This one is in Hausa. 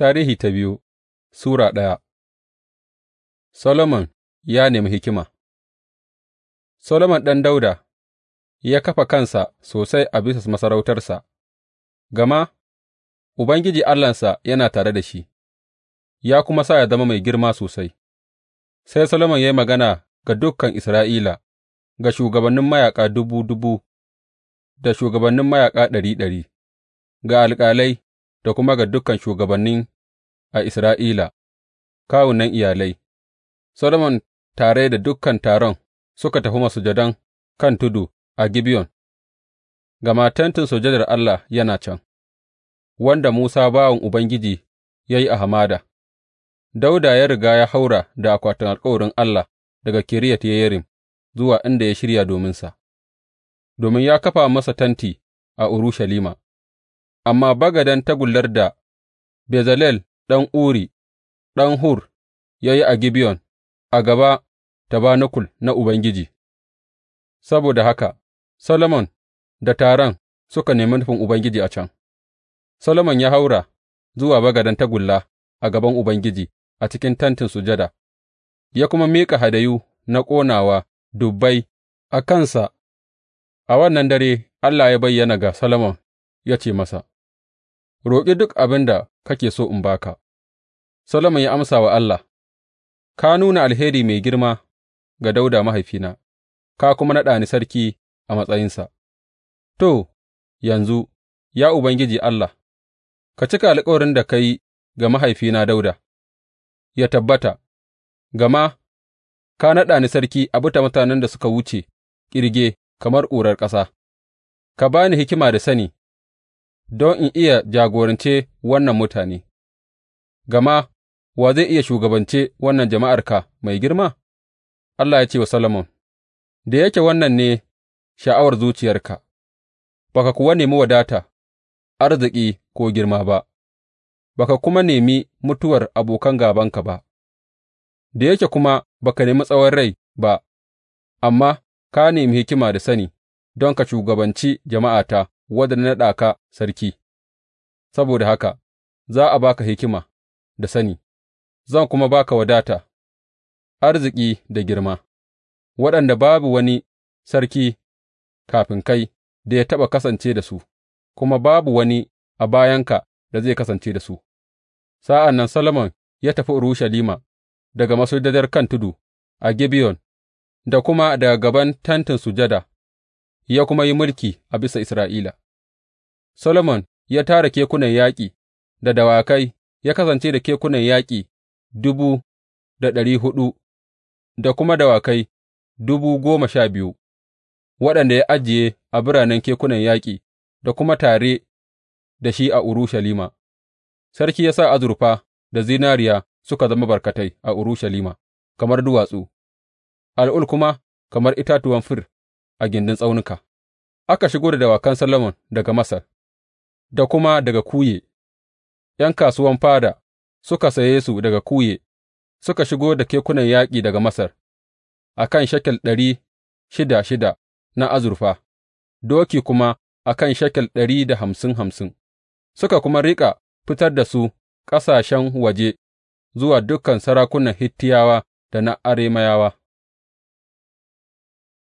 Tarihi ta biyu Sura ɗaya Solomon ya nemi hikima Solomon ɗan Dauda ya kafa kansa sosai a bisa masarautarsa, gama Ubangiji Allahnsa yana tare da shi, ya kuma sa ya zama mai girma sosai. Sai Solomon ya yi magana ga dukkan Isra'ila, ga shugabannin mayaƙa dubu dubu da shugabannin mayaƙa ɗari ɗari, ga alƙalai da kuma ga dukan shugabanni a Isra'ila, kawunan iyalai, Solomon tare da dukan taron suka tafi masujadan kan tudu a Gibeyon, gama tentin sujadar Allah yana can, wanda Musa bawan Ubangiji ya yi a hamada, Dauda ya riga ya haura da akwatin alkawarin Allah daga Kiriyat Yeyarim zuwa inda ya shirya dominsa, domin ya kafa masa tenti a Urushalima. amma bagaden tagullar da Bezalel ɗan Uri, ɗan Hur, ya yi a Gibeyon a gaba tabanakul na Ubangiji, saboda haka Solomon da taron suka nemi nufin Ubangiji a can, Solomon ya haura zuwa bagaden tagulla a gaban Ubangiji a cikin tantin sujada, ya kuma miƙa hadayu na ƙonawa dubbai a kansa, a wannan dare Allah ya bayyana ga Solomon ya ce masa. Roƙi duk abin da kake so in ba ka. Solomon ya amsa wa Allah, Ka nuna alheri mai girma ga Dauda mahaifina, ka kuma naɗa ni sarki a matsayinsa. To, yanzu, ya Ubangiji Allah, ka cika alkawarin da ka yi ga mahaifina Dauda. ya tabbata, gama ka naɗa ni sarki a bita mutanen da suka wuce ƙirge kamar ƙurar ƙasa, ka ba ni hikima da sani don in iya jagorance wannan mutane, gama wa zai iya shugabance wannan jama'arka mai girma? Allah ya ce wa Solomon, Da yake wannan ne sha'awar zuciyarka, Baka kuwa nemi wadata, arziki ko girma ba, ba ka kuma nemi mutuwar abokan gabanka ba, da yake kuma ba ka nemi tsawon rai ba, amma ka nemi hikima da sani don ka shugabanci jama'ata wadda na naɗa ka sarki, saboda haka za a ba ka hikima da sani, zan kuma ba ka wadata, arziki da girma, waɗanda babu wani sarki kafin kai da ya taɓa kasance da su, kuma babu wani a bayanka da zai kasance da su. Sa'an nan Solomon ya tafi Urushalima daga masujadar kan tudu a Gibeyon da kuma daga gaban Tentin Sujada ya kuma yi mulki a bisa Isra'ila. Solomon ya tara kekunan yaƙi da dawakai, ya kasance da kekunan yaƙi dubu da ɗari huɗu da kuma dawakai dubu goma sha biyu, waɗanda ya ajiye a biranen kekunan yaƙi da kuma tare da shi a Urushalima. Sarki ya sa azurfa da zinariya suka zama barkatai a Urushalima, kamar duwatsu, al'ul kuma kamar itatuwan fir a gindin tsaunuka, aka shigo da dawakan Solomon daga Masar da kuma daga Kuye, ’yan kasuwan fada suka saye su daga Kuye, suka shigo da kekunan yaƙi daga Masar a kan shekel ɗari shida shida na azurfa, doki kuma a kan shekel ɗari da hamsin hamsin, suka kuma riƙa fitar da su ƙasashen waje zuwa dukan sarakunan Hittiyawa da na Aremayawa.